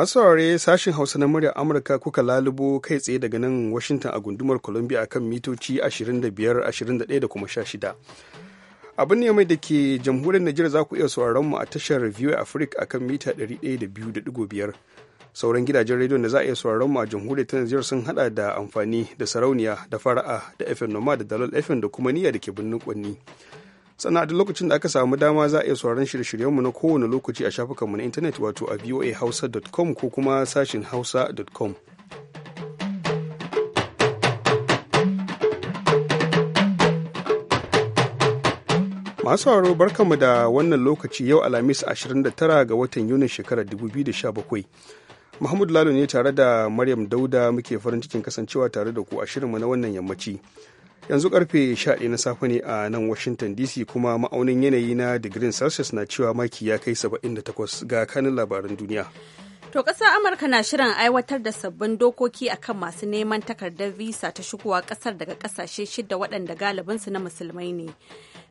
masu saurare sashin hausa na murya amurka kuka lalubo kai tsaye daga nan washington a gundumar columbia kan mitoci 25 21 da kuma 16 abin ne mai da ke jamhuriyar Najeriya za ku iya sauraron mu a tashar view Africa a kan mita 102.5 sauran gidajen rediyon da za a iya sauraron mu a jamhuriyar ta sun hada da amfani da sarauniya da fara'a da FM Noma da Dalol FM da kuma niyya da ke birnin Kwanni sannan a lokacin da aka samu dama za a iya sauraron shirye-shiryenmu na kowane lokaci a shafukanmu na intanet wato a voahausa.com ko kuma sashin hausa.com masu sauraro barkanmu da wannan lokaci yau alhamis 29 ga watan yunin shekarar 2017 Mahmud Lalo ne tare da Maryam Dauda muke farin cikin kasancewa tare da ku a shirinmu na wannan yammaci. yanzu karfe 11 na safe ne a nan washington dc kuma ma'aunin yanayi na digirin celsius na cewa maki ya kai 78 ga kanin labaran duniya To ƙasar Amurka na shirin aiwatar da sabbin dokoki akan masu neman takardar visa ta shigowa ƙasar daga ƙasashe shida waɗanda galibinsu na musulmai ne.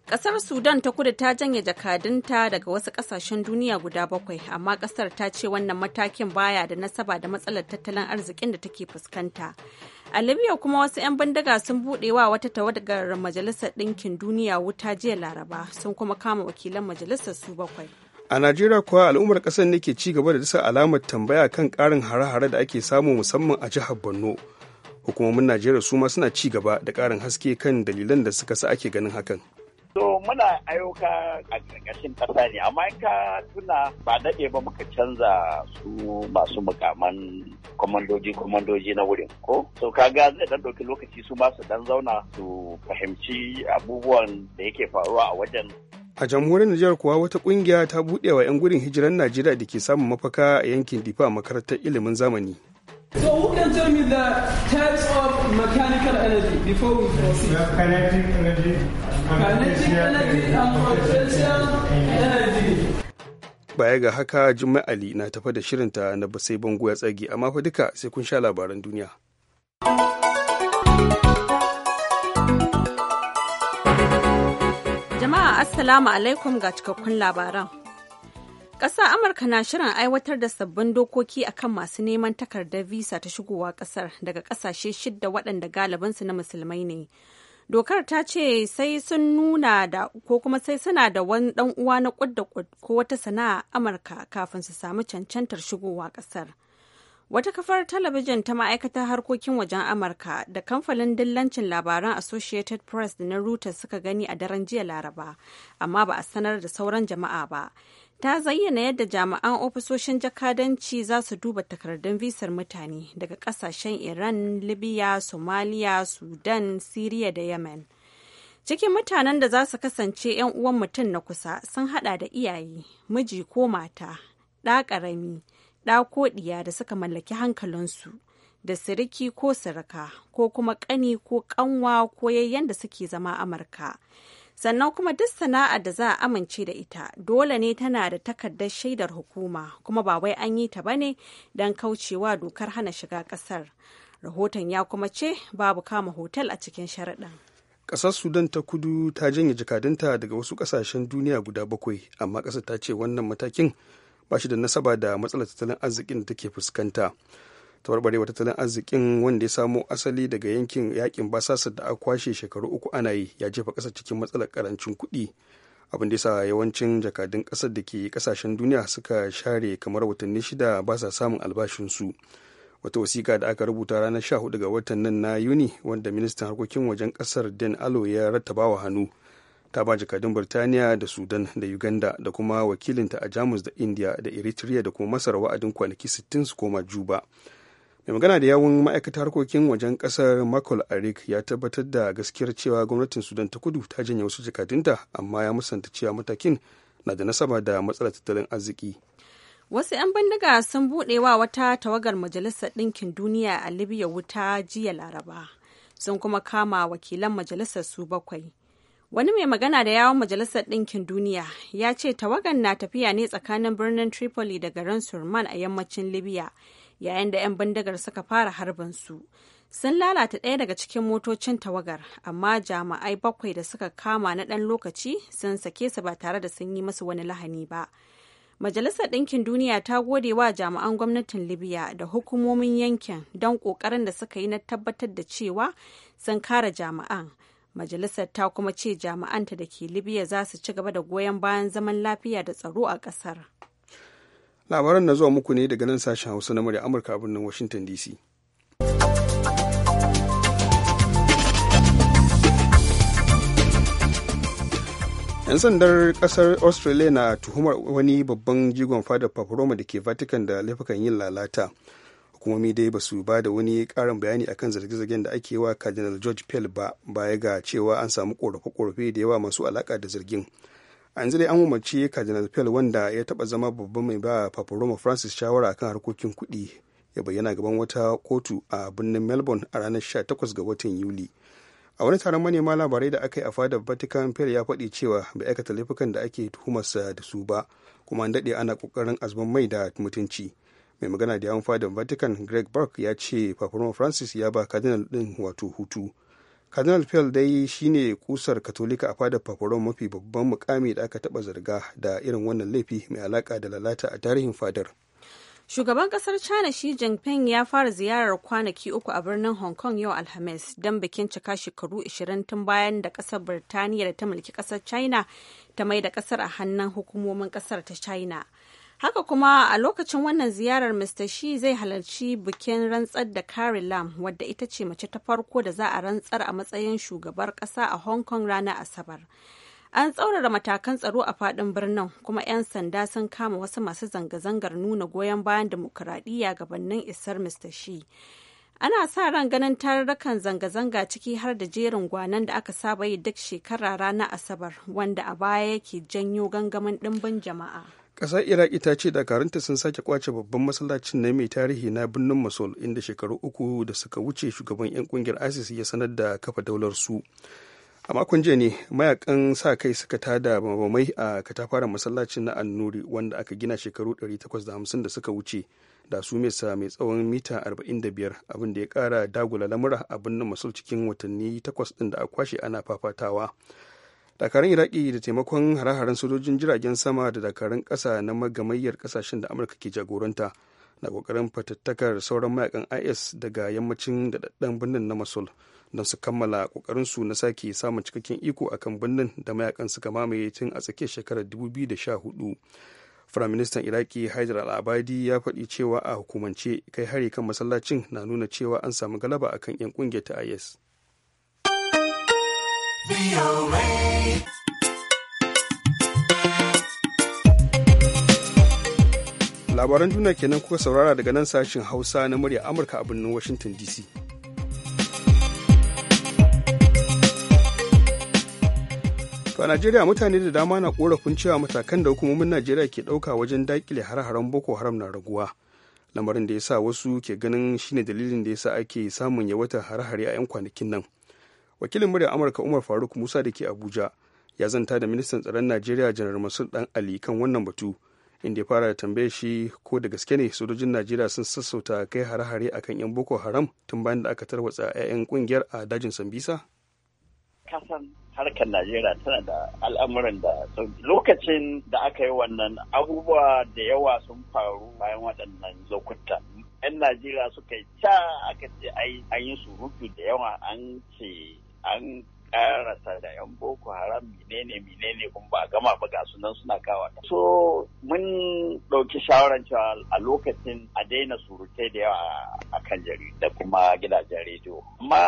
Ƙasar Sudan ta kudu ta janye jakadunta daga wasu ƙasashen duniya guda bakwai, amma ƙasar ta ce wannan matakin baya da nasaba da matsalar tattalin arzikin da take fuskanta. A Libya kuma wasu 'yan bindiga sun buɗe wa wata tawagar Majalisar Ɗinkin Duniya wuta jiya Laraba, sun kuma kama wakilan majalisar su bakwai. a najeriya kuwa al'ummar kasar ne ke ci gaba da dasa alamar tambaya kan karin hare-hare da ake samu musamman a jihar borno hukumomin najeriya su ma suna ci gaba da karin haske kan dalilan da suka sa ake ganin hakan so muna ayyuka a ƙarƙashin ƙasa ne amma in ka tuna ba daɗe ba muka canza su masu mukaman kwamandoji kwamandoji na wurin ko so kaga zai dan ɗauki lokaci su ma su dan zauna su fahimci abubuwan da yake faruwa a wajen a jamhuriyar Nijar kuwa wata kungiya ta buɗe wa 'yan gudun hijiran Najeriya da ke samun mafaka a yankin Difa a makarantar ilimin zamani. So who can tell me the types of mechanical energy before we proceed? Kinetic energy. Kinetic energy and potential energy. Baya ga haka Jummai Ali na tafa da shirinta na basai bango ya tsage amma fa duka sai kun sha labaran duniya. assalamu alaikum ga cikakkun labaran. Ƙasar Amurka na shirin aiwatar da sabbin dokoki akan masu neman takardar visa ta shigowa ƙasar daga ƙasashe shidda waɗanda galibinsu na musulmai ne. Dokar ta ce sai sun nuna da ko kuma sai suna da wani ɗan uwa na ƙudda ko wata sana'a Amurka kafin su samu cancantar shigowa ƙasar. Wata kafar talabijin ta ma'aikatar harkokin wajen Amurka da kamfanin dillancin labaran Associated Press da na Reuters suka gani a daren jiya Laraba, amma ba a sanar da sauran jama'a ba. Ta zayyana yadda jami'an ofisoshin jakadanci za su duba takardun visar mutane daga kasashen Iran, Libya, Somalia, Sudan, Siriya da Yemen. Cikin mutanen da za su kasance 'yan uwan mutum na kusa sun hada da iyaye, miji ko mata, ɗa ƙarami. ɗakoɗiya da suka mallaki hankalinsu da siriki ko sirika ko kuma ƙani ko ƙanwa ko yayyen da suke zama amurka sannan kuma duk sana'ar da za a amince da ita dole ne tana da takardar shaidar hukuma kuma ba wai an yi ta bane don kaucewa dokar hana shiga ƙasar rahoton ya kuma ce babu kama hotel a cikin sharaɗin ƙasar sudan ta kudu ta janye jakadunta daga wasu ƙasashen duniya guda bakwai amma ƙasar ta ce wannan matakin ba shi da nasaba da matsalar tattalin arzikin da take fuskanta tawarbarewa tattalin arzikin wanda ya samo asali daga yankin yakin basasar da aka kwashe shekaru uku ana yi ya jefa ƙasar cikin matsalar karancin kuɗi abin da yasa yawancin jakadun ƙasar da ke ƙasashen duniya suka share kamar watanni shida ba sa samun albashinsu wata wasiƙa da aka rubuta ranar 14 ga watan nan na yuni wanda ministan harkokin wajen ƙasar den alo ya rattabawa hannu ta ba jakadun birtaniya da sudan da uganda da kuma wakilinta a jamus da india da eritrea da kuma masar wa'adin kwanaki 60 su koma juba mai magana da yawun ma'aikatar harkokin wajen kasar michael arik ya tabbatar da gaskiyar cewa gwamnatin sudan ta kudu ta janye wasu jakadunta amma ya musanta cewa matakin na da nasaba da matsalar tattalin arziki Wasu 'yan bindiga sun wa wata tawagar Majalisar Ɗinkin Duniya a Libya wuta jiya Laraba, sun kuma kama wakilan majalisar su bakwai. Wani mai magana da yawon Majalisar Ɗinkin Duniya ya ce tawagan na tafiya ne tsakanin birnin Tripoli da garin Surman a yammacin Libya yayin da 'yan bindigar suka fara harbin su. Sun lalata ɗaya daga cikin motocin tawagar, amma jami'ai bakwai da suka kama na ɗan lokaci sun sake su ba tare da sun yi masu wani lahani ba. Majalisar Ɗinkin Duniya ta gode wa jami'an gwamnatin Libya da hukumomin yankin don ƙoƙarin da suka yi na tabbatar da cewa sun kare jami'an. Majalisar ta kuma ce jami'anta da ke Libya za su ci gaba da goyon bayan zaman lafiya da tsaro a ƙasar. Labaran na zuwa muku ne daga nan sashen Hausa na murya Amurka a birnin Washington DC. yan sandar kasar australia na tuhumar wani babban jigon fadar paparoma da ke vatican da laifukan yin lalata hukumomi dai basu su ba da wani karin bayani akan zarge-zargen da ake wa cardinal george pell ba baya ga cewa an samu korafe-korafe da yawa masu alaka da zargin a yanzu dai an umarci cardinal pell wanda ya taba zama babban mai ba roma francis shawara akan harkokin kuɗi ya bayyana gaban wata kotu a birnin melbourne a ranar 18 ga watan yuli a wani taron manema labarai da aka yi a fada vatican pell ya faɗi cewa bai aikata laifukan da ake tuhumarsa da su ba kuma an daɗe ana ƙoƙarin azumin mai da mutunci mai magana da yawan fadin vatican greg burke ya ce paparoma francis ya ba cardinal din wato hutu cardinal pell dai shine kusar katolika a fadar paparoma mafi babban mukami da aka taba zarga da irin wannan laifi mai alaka da lalata a tarihin fadar Shugaban kasar China Xi Jinping ya fara ziyarar kwanaki uku a birnin Hong Kong yau Alhamis don bikin cika shekaru 20 tun bayan da kasar Birtaniya da ta mulki kasar China ta mai da kasar a hannun hukumomin kasar ta China. Haka kuma a lokacin wannan ziyarar Mr. Shi zai halarci bikin rantsar da Carrie Lam wadda ita ce mace ta farko da za a rantsar a matsayin shugabar kasa a Hong Kong ranar Asabar. An tsaurara matakan tsaro a fadin birnin kuma 'yan sanda sun kama wasu masu zanga-zangar nuna goyon bayan demokuraɗiyya gabanin isar Mr. Shi. Ana sa ran ganin tararrakan zanga-zanga ciki har da jerin gwanan da aka saba yi duk shekara ranar Asabar wanda a baya yake janyo gangamin ɗimbin jama'a. ƙasar iraki ta ce dakarunta sun sake kwace babban masallacin na mai tarihi na birnin mosul inda shekaru uku da suka wuce shugaban 'yan kungiyar isis ya sanar da kafa daular su a makon jiya ne mayakan sa kai suka tada mabamai a katafaren masallacin na annuri wanda aka gina shekaru 850 da suka wuce da su mesa mai tsawon mita 45 abin da ya kara dagula lamura a birnin masul cikin watanni takwas din da a kwashe ana fafatawa dakarun iraki da taimakon hare-haren sojojin jiragen sama da dakarun ƙasa na magamayyar ƙasashen da amurka ke jagoranta na kokarin fatattakar sauran mayakan is daga yammacin da daɗaɗɗen birnin na masul don su kammala kokarinsu na sake samun cikakken iko akan birnin da mayakan suka mamaye tun a tsakiyar shekarar 2014 firaministan iraki haidar al-abadi ya faɗi cewa a hukumance kai hari kan masallacin na nuna cewa an samu galaba akan 'yan ƙungiyar ta is labaran duniya kenan kuka saurara daga nan sashin hausa na murya amurka a birnin washington dc to a najeriya mutane da dama na korafin cewa matakan da hukumomin najeriya ke ɗauka wajen daƙile har-haren boko haram na raguwa lamarin da ya sa wasu ke ganin shine dalilin da ya sa ake samun yawaitar hare-hare a 'yan kwanakin nan wakilin murya amurka umar faruk musa da ke abuja ya zanta da ministan tsaron najeriya janar masul dan ali kan wannan batu inda ya fara da tambaye shi ko da gaske ne sojojin najeriya sun sassauta kai hare-hare akan yan boko haram tun bayan da aka tarwatsa 'ya'yan kungiyar a dajin sambisa kasan harkar najeriya tana da al'amuran da lokacin da aka yi wannan abubuwa da yawa sun faru bayan waɗannan lokuta 'yan najeriya suka yi ca aka ce an yi surutu da yawa an ce an karasa da yan boko haram menene menene kun ba gama ba ga sunan suna kawa so mun ɗauki shawaran cewa a lokacin a daina surutai da yawa a kan jaridu da kuma gidajen rediyo amma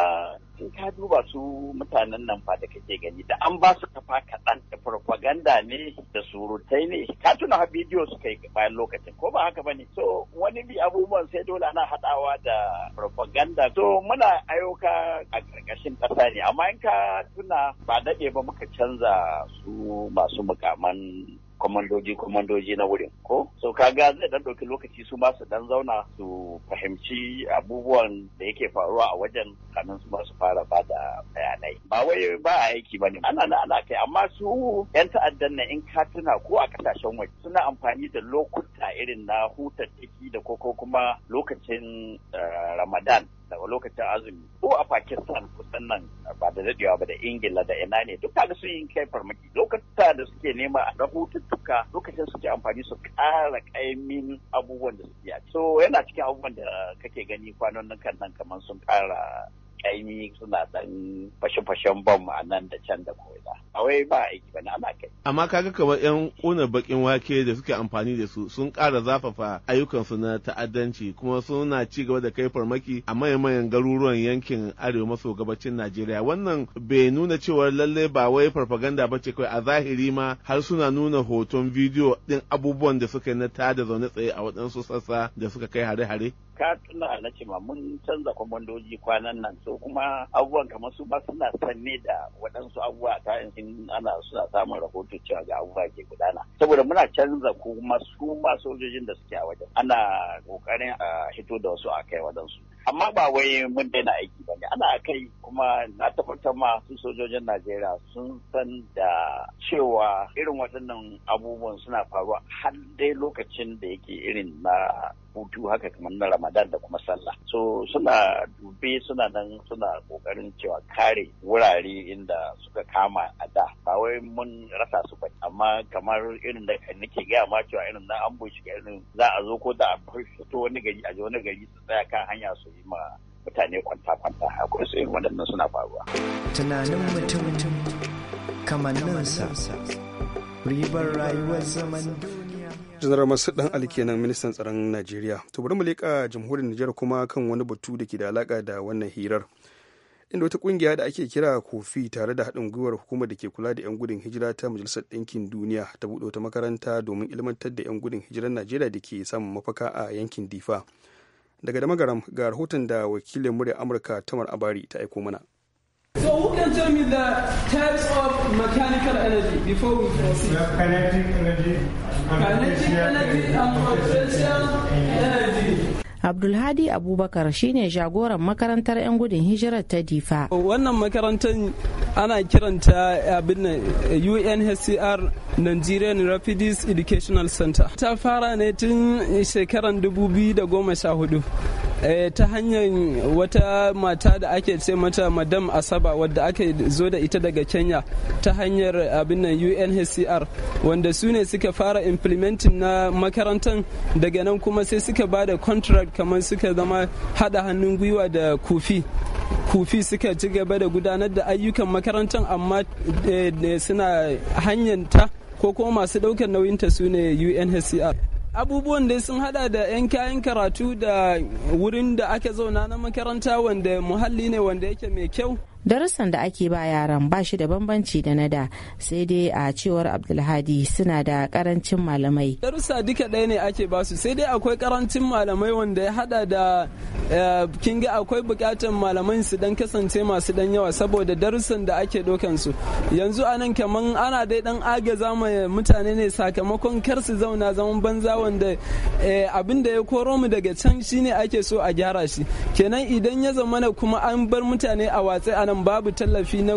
in ka duba su mutanen nan fa da kake gani da an ba su kafa kaɗan da propaganda ne da surutai ne ka tuna ha bidiyo suka yi bayan lokacin ko ba haka bane so wani bi abubuwan sai dole ana haɗawa da propaganda so muna ayoka a ƙarƙashin ƙasa ne amma in ka tuna ba daɗe ba muka canza su masu mukaman kwamandoji kwamandoji na wurin ko so kaga zai dan ɗauki lokaci su masu su dan zauna su fahimci abubuwan da yake faruwa a wajen kanin su su fara ba da bayanai ba wai ba aiki bane ana na ana kai amma su yan ta'addan na in ka tuna ko a kasashen waje suna amfani da lokuta irin na hutattaki da koko kuma lokacin eh, ramadan daga lokacin azumi ko a Pakistan kusan nan ba da daɗewa ba da Ingila da ina ne duk da sun yi kai farmaki lokacin da suke nema a rahututtuka lokacin suke amfani su ƙara ƙaimin abubuwan da suke so yana cikin abubuwan da kake gani kwanan nan kan nan kamar sun ƙara kaimi suna dan fashe-fashen bom a nan da can da koda. a wai ba aiki bane ana kai amma kaga kamar yan kuna bakin wake da suke amfani da su sun ƙara zafafa ayyukansu na ta'addanci kuma suna ci gaba da kai farmaki a mayan garuruwan yankin arewa maso gabacin Najeriya wannan bai nuna cewa lallai ba wai farfaganda ba ce kawai a zahiri ma har suna nuna hoton bidiyo din abubuwan da suka yi na tada zaune tsaye a waɗansu sassa da suka kai hare-hare ka tuna na ce ma mun canza kwamandoji kwanan nan so kuma abubuwan kamar su ba suna sanne da waɗansu abubuwa ta yanzu ana suna samun rahoto cewa ga abubuwa ke gudana saboda muna canza kuma su ma sojojin da suke a wajen ana kokarin a hito da wasu a kai waɗansu amma ba wai mun daina aiki ba ne ana kai kuma na tabbatar ma su sojojin Najeriya sun san da cewa irin waɗannan abubuwan suna faruwa har dai lokacin da yake irin na hutu haka kamar na Ramadan da kuma sallah. So suna dube suna nan suna kokarin cewa kare wurare inda suka kama a da ba wai mun rasa su ba amma kamar irin da nake gaya ma cewa irin na an bushe irin za a zo ko da a fito wani gari a je wani gari su tsaya kan hanya su yi ma mutane kwanta-kwanta akwai su irin waɗannan suna faruwa. Tunanin mutum sa ribar rayuwar zaman duniya. janar masu dan ali kenan ministan tsaron najeriya to bari mu leƙa jamhuriyar nijar kuma kan wani batu da ke da alaƙa da wannan hirar inda wata kungiya da ake kira kofi tare da haɗin gwiwar hukumar da ke kula da 'yan gudun hijira ta majalisar ɗinkin duniya ta buɗe wata makaranta domin ilmantar da 'yan gudun hijirar najeriya da ke samun mafaka a yankin difa daga da magaram ga rahoton da wakilin murya amurka tamar abari ta aiko mana So who can tell me the types of mechanical energy before we proceed? Abdulhadi Abubakar shine jagoran makarantar 'yan gudun hijirar ta Difa. Wannan makarantar ana kiranta abin UNHCR Nigerian Rapids Educational Center. Ta fara ne tun shekarar 2014. Eh, ta hanyar wata mata da ake ce mata madam asaba wadda aka zo da ita daga kenya ta hanyar abin nan unhcr wanda su ne suka fara implementing na makarantar daga nan kuma sai suka ba da contract kamar suka zama hada hannun gwiwa da kufi kufi suka ci gaba da gudanar da ayyukan makarantar amma eh, eh, suna hanyar ko kuma masu ɗaukar nauyinta su ne unhcr abubuwan da sun hada da 'yan kayan karatu da wurin da ake zauna na makaranta wanda muhalli ne wanda yake mai kyau darussan da ake ba yaran ba shi da bambanci da na da sai dai a cewar abdulhadi suna da karancin malamai darussa duka ɗaya ne ake ba su sai dai akwai karancin malamai wanda ya hada da eh, kin akwai bukatan malaman su dan kasance masu dan yawa saboda darussan da ake dokan su yanzu a nan kaman ana dai dan agaza ma mutane ne sakamakon kar su zauna zaman banza wanda eh, abin da ya koro mu daga can shine ake so a gyara shi kenan idan ya zamana kuma an bar mutane a watsi a nan babu tallafi na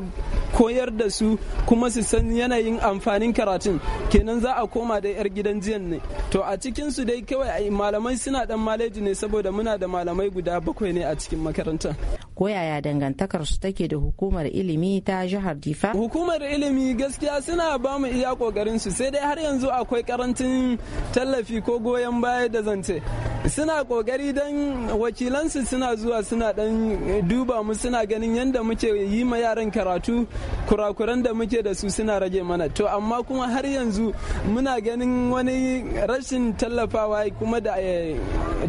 koyar da su kuma su san yanayin amfanin karatun kenan za a koma da yar gidan jiyan ne to a cikin su dai kawai malamai suna dan maleji ne saboda muna da malamai guda bakwai ne a cikin makaranta. ko yaya dangantakar su take da hukumar ilimi ta jihar difa hukumar ilimi gaskiya suna ba mu iya kokarin su sai dai har yanzu akwai karancin tallafi ko goyon baya da zance suna kokari dan wakilansu suna zuwa suna dan duba mu suna ganin yadda muke yi ma yaran karatu kurakuran da muke da su suna rage mana to amma kuma har yanzu muna ganin wani rashin tallafawa kuma eh,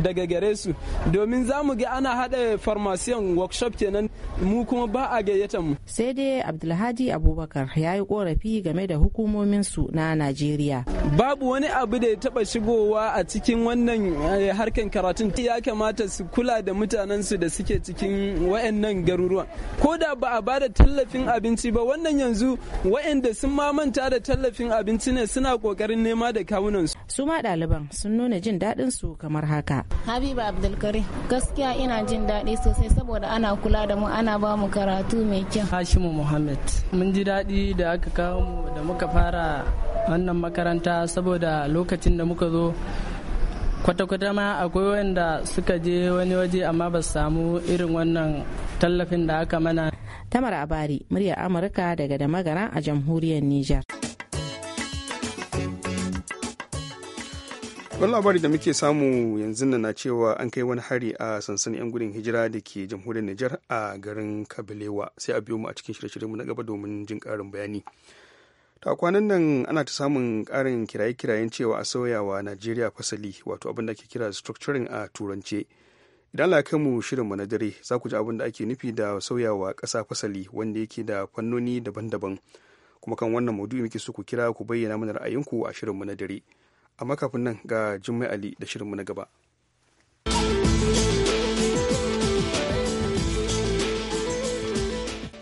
daga gare su domin za mu ga ana haɗa farmasiyan workshop kenan mu kuma ba a gayyata mu sai dai abdulhadi abubakar ya yi korafi game da hukumomin su na najeriya babu wani abu da ya taba shigowa a cikin wannan eh, harkan karatun ya kamata su kula da mutanen su da suke cikin wayannan garuruwan ko da ba a bada tallafin abinci abinci ba wannan yanzu wa'anda sun mamanta da tallafin abinci ne suna kokarin nema da kawunan su. su ma ɗaliban sun nuna jin daɗin su kamar haka. habiba abdulkari gaskiya ina jin daɗi sosai saboda ana kula da mu ana ba mu karatu mai kyau. hashimu muhammad mun ji daɗi da aka kawo mu da muka fara wannan makaranta saboda lokacin da muka zo kwata-kwata ma akwai wanda suka je wani waje amma ba su samu irin wannan tallafin da aka mana tamar abari murya amurka daga da magana a jamhuriyar niger wani labari da muke samu yanzu na cewa an kai wani hari a sansanin 'yan gudun hijira da ke jamhuriyar niger a garin kabilewa sai a biyo mu a cikin shirye-shiryenmu na gaba domin jin karin bayani ta kwanan nan ana ta samun karin kiraye-kirayen cewa a sauyawa najeriya fasali wato abin da ake kira structuring a turance idan la mu shirin na dare za ku ji abin da ake nufi da sauyawa ƙasa fasali wanda yake da fannoni daban-daban kuma kan wannan maudu'i muke so ku kira ku bayyana mana ra'ayinku a shirin na dare amma kafin nan ga jummai ali da shirin mu na gaba.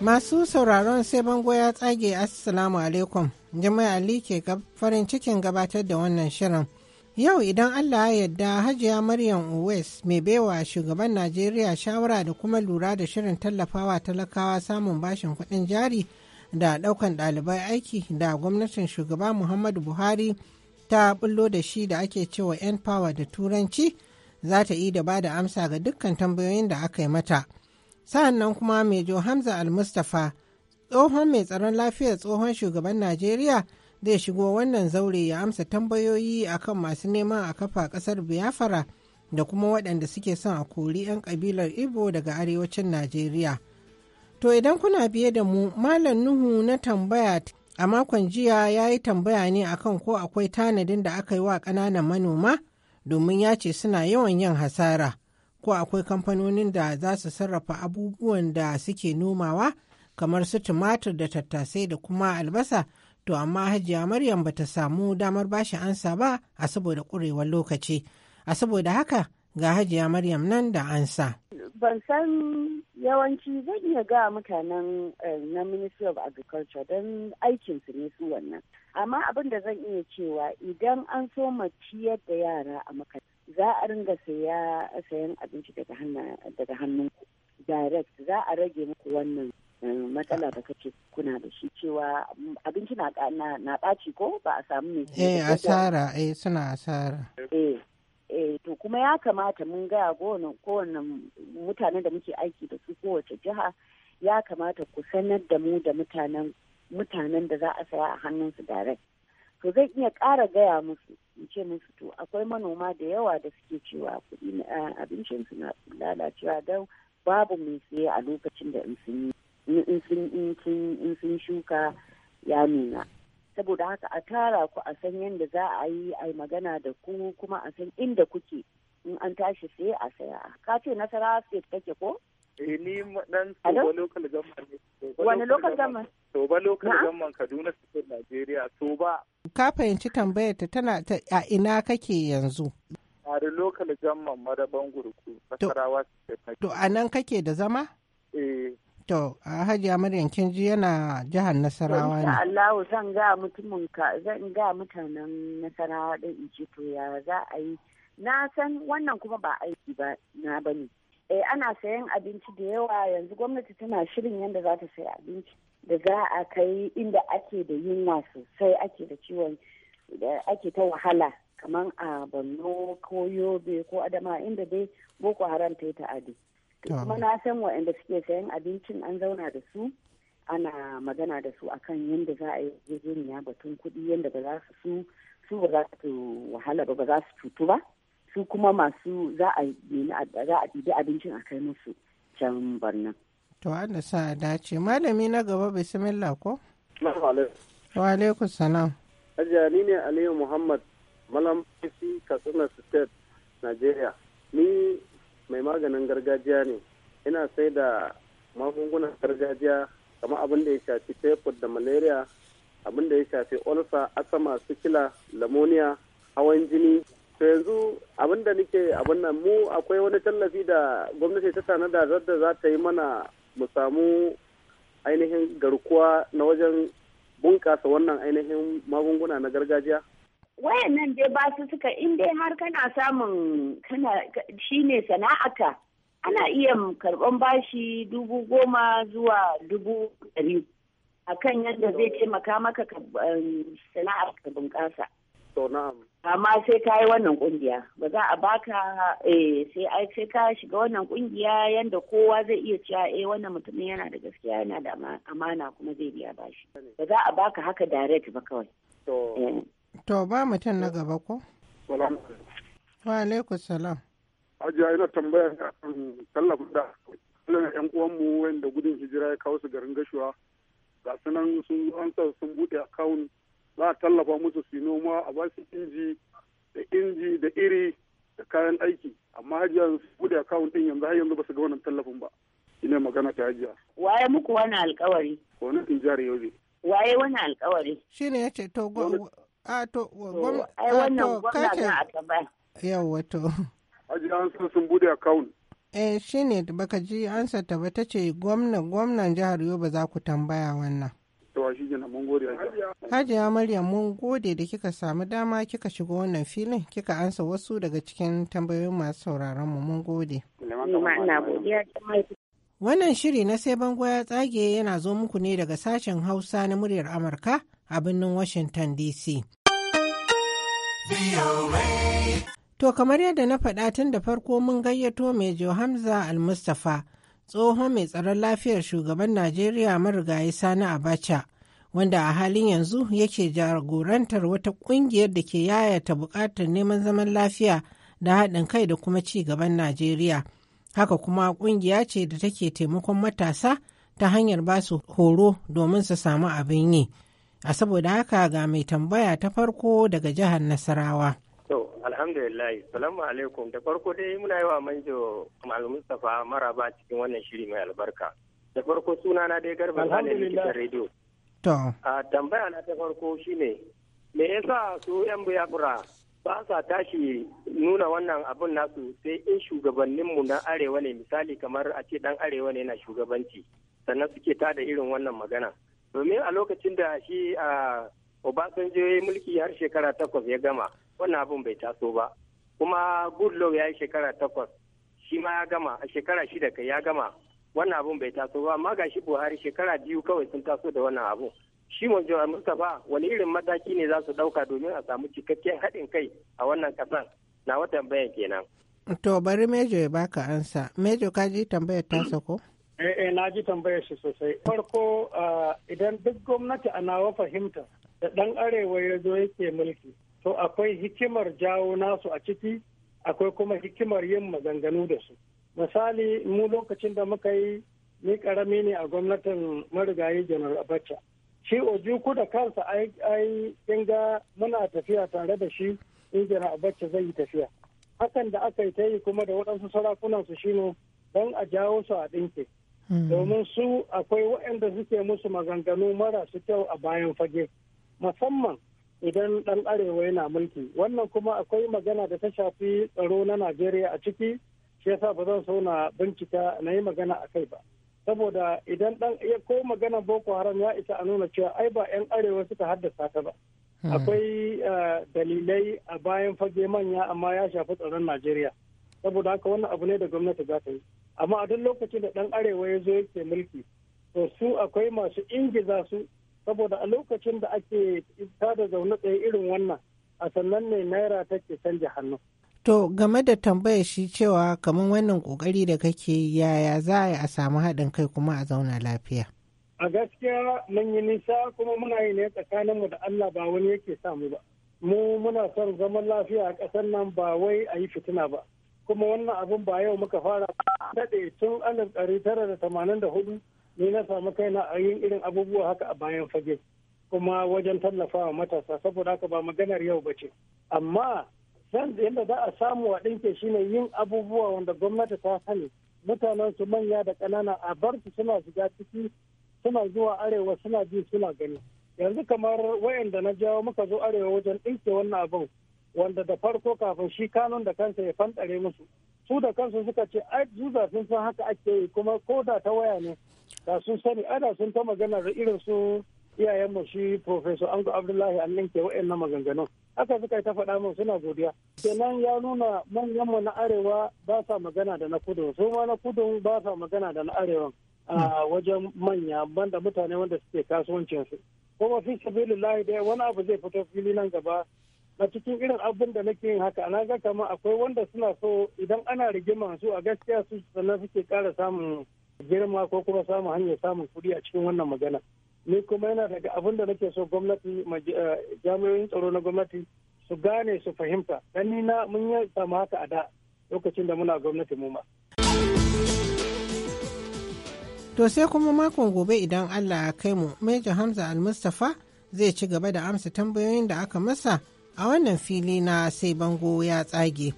Masu sauraron sai bango ya tsage Assalamu alaikum. Jama'a Ali ke farin cikin gabatar da wannan shirin. Yau idan Allah ya yarda Hajiya Maryam Owes mai baiwa shugaban Najeriya shawara da kuma lura da shirin tallafawa talakawa samun bashin kuɗin jari da ɗaukan ɗalibai aiki da gwamnatin shugaba Muhammadu Buhari ta bullo da shi da ake cewa 'yan power da turanci za ta yi da ba da amsa ga dukkan tambayoyin da aka yi mata. sa'an nan kuma mejo hamza al-mustapha tsohon mai tsaron lafiyar tsohon shugaban najeriya zai shigo wannan zaure ya amsa tambayoyi akan masu neman a kafa kasar biafra da kuma waɗanda suke son a kori 'yan ƙabilar igbo daga arewacin najeriya to idan kuna biye da mu malam nuhu na tambaya a makon jiya ya yi tambaya ne akan ko akwai tanadin da aka yi wa ƙananan manoma domin ya ce suna yawan yin hasara ko akwai kamfanonin da za su sarrafa abubuwan da suke nomawa kamar su tumatir da tattasai da kuma albasa to amma hajiya maryam ba ta samu damar bashi ansa ba a saboda ƙurewar lokaci a saboda haka ga hajiya maryam nan da ansa ban san yawanci zan iya ga mutanen eh, na ministry of agriculture don aikin su ne su wannan amma abin da zan iya cewa idan an so ciyar da yara a makaranta za a ringa saya sayan abinci daga hannun ku direct za a rage muku wannan eh, matsala da kake kuna da shi cewa abinci na na ɓaci ko ba a samu mai eh asara eh suna asara eh eh to kuma ya kamata mun gaya kowane mutanen da muke aiki da su kowace jiha ya kamata ku sanar da mu da mutanen mutanen da za a saya a hannunsu direct to zan iya ƙara gaya musu in ce musu to akwai manoma da yawa da suke cewa kuɗi eh, abincin su na lalacewa don babu mai siye a lokacin da in sun shuka ya nuna saboda haka a tara ku a san yadda za a yi a magana da ku kuma a san inda kuke in an tashi sai a saya ka ce nasara sai take ko Eh ni dan Toba local government ne. Wani local government? Toba local government Kaduna State Nigeria Toba. Ka fahimci tambayar ta tana a ina kake yanzu? Tare local government madaban gurku Nasarawa State. To a nan kake da zama? Eh. To, a Hajiya Maryam ji yana jihar Nasarawa ne. Allahu zan ga mutumin ka zan ga mutanen Nasarawa ɗin in to ya za a yi. Na san wannan kuma ba aiki ba na bane. eh ana sayan abinci da yawa yanzu gwamnati tana shirin yadda za ta sayi abinci da za a kai inda ake da yunwa sosai ake da ciwon da ake ta wahala kamar a borno ko yobe ko adama inda dai boko haram ta yi ta'adi ah. kuma na san waɗanda suke sayan abincin an zauna da su ana magana da su akan yadda za a yi ya batun kuɗi yadda ba za su su ba za su wahala ba ba za su cutu ba su kuma masu za a ɗibi abincin a kai musu can barnan. To sa a dace. Malami na gaba bismillah ko? Wa alaikum salam. Ajiya ni ne Aliyu Muhammad Malam Fisi Katsina State, Nigeria. Ni mai maganin gargajiya ne. Ina sai da magungunan gargajiya kamar abin da ya shafi taifoid da malaria, abin da ya shafi olsa, asama, sikila, lamoniya, hawan jini, to yanzu abin da nake abin nan mu akwai wani tallafi da gwamnati ta tana da za ta yi mana mu samu ainihin garkuwa na wajen bunkasa wannan ainihin magunguna na gargajiya wayannan dai ba su suka in dai har kana samun kana shine sana'ata ana iya karɓan bashi dubu goma zuwa dubu ɗari akan yadda zai taimaka maka um, sana'ar ka bunƙasa. To na'am. amma sai ka yi wannan kungiya ba za a baka eh, sai ai sai ka shiga wannan kungiya yanda kowa zai iya cewa eh wannan mutumin yana da gaskiya yana da amana kuma zai biya bashi ba za a baka haka direct ba kawai to eh. ba mutum na gaba ko wa alaikum salam ajiya ina tambaya tallafin da yan uwan mu wanda gudun hijira ya kawo su garin gashuwa ga sunan sun an sun bude account za a tallafa musu su noma a ba su inji da inji da iri da kayan aiki amma hajiya su bude akawun din yanzu har yanzu ba su ga wannan tallafin ba ina magana ta hajiya waye muku wani alkawari gwamnatin jihar yobe waye wani alkawari shine yace ce to a to eh, ai wannan gwamnatin a taba yawa to hajiya an san sun bude akawun eh shine baka ji ansa ta ba ta ce gwamnan gwamnan jihar yobe za ku tambaya wannan mun gode hajiya hajiya maryam mun gode da kika samu dama kika shiga wannan filin kika ansa wasu daga cikin tambayoyin masu sauraron mu mun gode wannan shiri na sai bango ya tsage yana zo muku ne daga sashen hausa na muryar amurka a birnin washington dc To kamar yadda na faɗa tun da farko mun gayyato mai Hamza al tsohon mai tsaron lafiyar shugaban Najeriya marigayi Sani Abacha wanda a halin yanzu yake jagorantar wata kungiyar da ke yayata bukatar neman zaman lafiya da haɗin kai da kuma ci gaban Najeriya. Haka kuma kungiya ce da take taimakon matasa ta hanyar ba su horo domin su samu abin yi. A saboda haka ga mai tambaya ta farko daga jihar Nasarawa. To, alhamdulillah, salamu alaikum. Da farko dai muna yi wa manjo Malam Mustapha maraba cikin wannan shiri mai albarka. Da farko sunana dai garba ne likitan rediyo. A tambaya na ta farko shi ne. me yasa su 'yan biyafura ba sa tashi nuna wannan abin nasu sai in shugabanninmu na arewa ne misali kamar a ce dan arewa ne na shugabanci sannan suke tada irin wannan magana. Domin a lokacin da shi a Obasanjo ya yi mulki har shekara takwas ya gama wannan abun bai taso ba. Kuma Goodluck ya yi shekara takwas shi ma ya gama a shekara shida kai ya gama wannan abun bai taso ba amma gashi buhari shekara biyu kawai sun taso da wannan abun shi manjo mustapha wani irin mataki ne za su dauka domin a samu cikakken haɗin kai a wannan kasan na wata tambayan kenan to bari mejo ya baka ansa mejo ka ji tambayar ta ko eh, eh na ji tambayar shi sosai farko idan duk gwamnati a nawa fahimta da dan arewa ya zo yake mulki to akwai hikimar jawo nasu a ciki akwai kuma hikimar yin maganganu da su misali mu lokacin da muka yi ni karami ne a gwamnatin marigayi general abacha shi ojuku da kansa ai kin ga muna tafiya tare da shi in general abacha zai yi tafiya hakan da aka yi ta yi kuma da waɗansu sarakunan su shine don a jawo su a ɗinke hmm. domin su akwai waɗanda suke musu maganganu marasu kyau a bayan fage musamman idan ɗan arewa yana mulki wannan kuma akwai magana da ta shafi tsaro na najeriya a ciki shi yasa ba zan so na bincika na yi magana a kai ba saboda idan dan ya ko magana boko haram ya isa a nuna cewa ai ba yan arewa suka haddasa ta ba hmm. akwai eh, dalilai a bayan fage manya amma ya shafi tsaron najeriya saboda haka wannan abu ne da gwamnati za ta yi amma a duk lokacin da dan arewa ya zo yake mulki to su akwai masu ingiza su saboda a lokacin da ake tada zaune tsaye irin wannan a sannan ne naira take canja hannu To game da tambayar shi cewa kamar wannan kokari da kake yaya za a samu haɗin kai kuma a zauna lafiya. A gaskiya mun yi nisa kuma muna yi ne tsakaninmu da Allah ba wani yake samu ba. Mu muna son zaman lafiya a ƙasar nan ba wai a yi fitina ba. Kuma wannan abin ba yau muka fara daɗe tun alif ɗari tara da tamanin da hudu ni na samu kaina a yin irin abubuwa haka a bayan fage. Kuma wajen tallafawa matasa saboda haka ba maganar yau ba ce. Amma yanzu yadda za a samu a ɗinke ne yin abubuwa wanda gwamnati ta sani mutanen su manya da ƙanana a bar su suna shiga ciki suna zuwa arewa suna ji suna gani yanzu kamar wayanda na jawo muka zo arewa wajen ɗinke wannan abin wanda da farko kafin shi kanun da kansa ya fanɗare musu su da kansu suka ce ai sun san haka ake yi kuma ko da ta waya ne da sun sani ada sun ta magana da irin su iyayenmu shi professor ango abdullahi an wayan na maganganun haka suka ta faɗa min suna godiya kenan ya nuna manyan mu na arewa ba sa magana da na kudu su ma na kudu ba sa magana da na arewa a wajen manya banda mutane wanda suke kasuwancin su kuma fi lahi dai wani abu zai fito fili nan gaba na cikin irin abin da nake yin haka na ga kama akwai wanda suna so idan ana rigima su a gaskiya su sannan suke kara samun girma ko kuma samun hanyar samun kuɗi a cikin wannan magana ni kuma yana daga abin da nake so gwamnati eh, jami'oyin tsaro na gwamnati su gane su fahimta dan ni na mun yi samu haka a da lokacin da muna gwamnati mu ma to sai kuma makon gobe idan Allah ya kai mu Mejo Hamza Al-Mustafa zai ci gaba da amsa tambayoyin da aka masa a wannan fili na sai bango ya tsage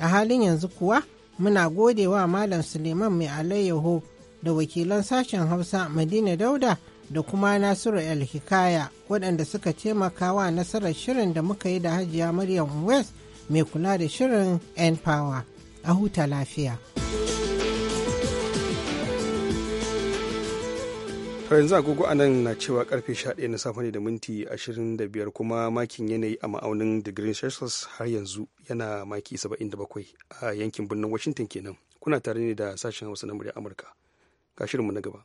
a halin yanzu kuwa muna gode wa malam suleiman mai alayyaho da wakilan sashen hausa madina dauda da kuma Nasiru El Hikaya waɗanda suka taimaka wa nasarar shirin da muka yi da Hajiya Maryam West mai kula da shirin N Power. A huta lafiya. To yanzu agogo a nan na cewa karfe 11 na safe ne da minti 25 kuma makin yanayi a ma'aunin digirin Celsius har yanzu yana maki 77 a yankin birnin Washington kenan. Kuna tare ne da sashen Hausa na murya Amurka. Ga shirinmu na gaba.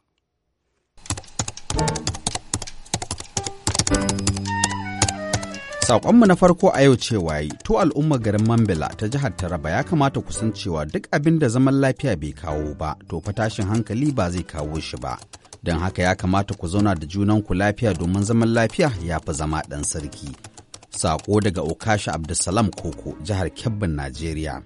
Saƙonmu na farko a yau cewa yi, to al'ummar garin Mambila ta jihar Taraba ya kamata ku san cewa duk abin da zaman lafiya bai kawo ba, to fa tashin hankali ba zai kawo shi ba. Don haka ya kamata ku zauna da junan ku lafiya domin zaman lafiya ya fi zama ɗan sarki. Saƙo daga Okasha Abdulsalam Koko, jihar Kebbin, Najeriya.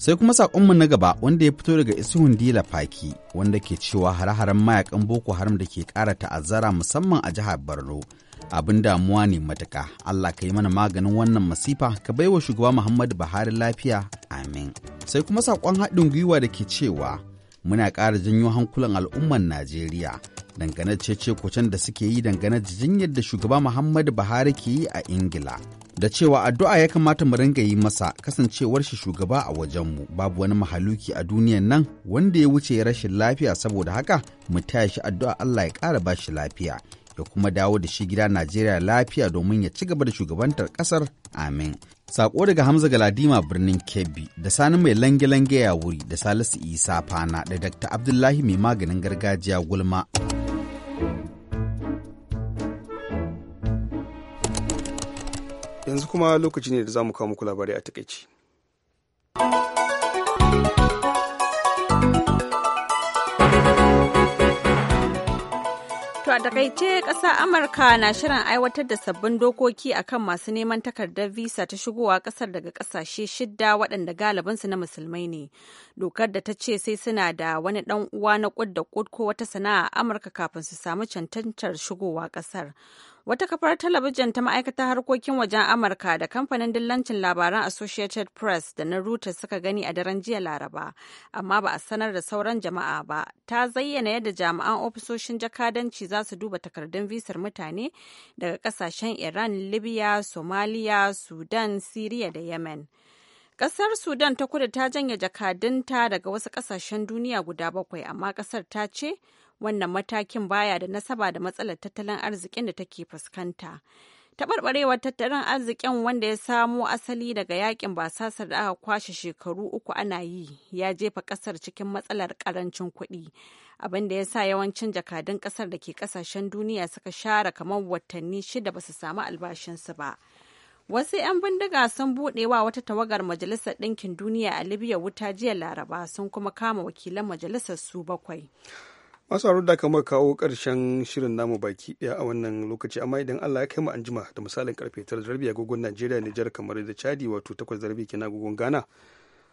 sai kuma saƙonmu na gaba wanda ya fito daga isuhun dila faki wanda ke cewa hare-haren mayakan boko haram da ke ƙara ta'azzara musamman a jihar borno abin damuwa ne matuka allah ka yi mana maganin wannan masifa ka baiwa shugaba muhammadu buhari lafiya amin sai kuma saƙon haɗin gwiwa da ke cewa muna ƙara janyo hankulan al'umman najeriya dangane ce kucin da suke yi dangane jinyar da shugaba Muhammadu Buhari ke yi a Ingila. Da cewa addu'a ya kamata mu ringa yi masa kasancewar shi shugaba a wajenmu babu wani mahaluki a duniyan nan wanda ya wuce rashin lafiya saboda haka mu taya shi addu'a Allah ya kara ba shi lafiya ya kuma dawo da shi gida Najeriya lafiya domin ya ci gaba da shugabantar ƙasar amin. Sako daga Hamza Galadima birnin Kebbi da Sani mai lange-lange ya wuri da Salisu Isa Fana da Dr. Abdullahi mai maganin gargajiya gulma. Yanzu kuma lokaci ne da za mu kawo muku labarai a takaici. takaice ƙasa Amurka na shirin aiwatar da sabbin dokoki akan masu neman takardar visa ta shigowa ƙasar daga ƙasashe shidda waɗanda galibinsu na musulmai ne. Dokar da ta ce sai suna da wani ɗan uwa na ƙud da ƙud ko wata sana'a Amurka kafin su samu cancantar shigowa ƙasar. Wata kafar talabijin ta ma'aikatar harkokin wajen Amurka da kamfanin dillancin labaran Associated Press da na Reuters suka gani a daren jiya Laraba, amma ba a sanar da sauran jama'a ba. Ta zayyana yadda jami'an ofisoshin jakadanci za su duba takardun visar mutane daga kasashen Iran, Libya, Somalia, Sudan, Syria da Yemen. Ƙasar Sudan ta kudu ta janye jakadunta daga wasu ƙasashen duniya guda bakwai, amma ƙasar ta ce wannan matakin baya da nasaba da matsalar tattalin arzikin da take fuskanta. Taɓarɓarewar tattalin arzikin wanda ya samo asali daga yakin basasar da aka kwashe shekaru uku ana yi ya jefa ƙasar cikin matsalar ƙarancin kuɗi, abin da ya sa yawancin jakadun ƙasar da ke ƙasashen duniya suka share kamar watanni shida ba su samu albashinsu ba. Wasu 'yan bindiga sun wa wata tawagar Majalisar Ɗinkin Duniya a Libya wuta jiya Laraba sun kuma kama wakilan majalisar su bakwai. Masu da kamar kawo ƙarshen shirin namu baki ɗaya a wannan lokaci amma idan Allah ya kai mu anjima da misalin karfe tara zarbi a agogon Najeriya Nijar kamar da Chadi wato takwas zarbi rabi kenan gogon Ghana.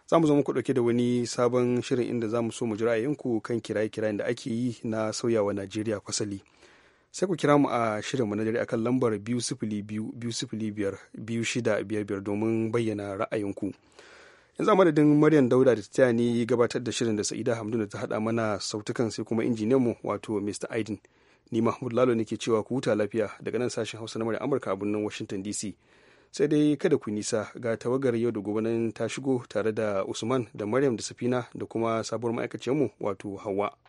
Za mu zo muku ɗauke da wani sabon shirin inda za mu so mu ji ra'ayinku kan kiraye-kirayen da ake yi na sauyawa Najeriya kwasali. sai ku kira mu a shirinmu na dare akan lambar biyu sifili biyu biyu sifili biyar biyu shida biyar biyar domin bayyana ra'ayinku yanzu a madadin maryam dauda da ta ni gabatar da shirin da sa'ida hamdu ta haɗa mana sautukan sai kuma mu wato mr aidin ni mahmud lalo nake cewa ku huta lafiya daga nan sashen hausa na murya amurka a birnin washington dc sai dai kada ku nisa ga tawagar yau da gobe ta shigo tare da usman da maryam da safina da kuma sabuwar ma'aikaciyar mu wato hawa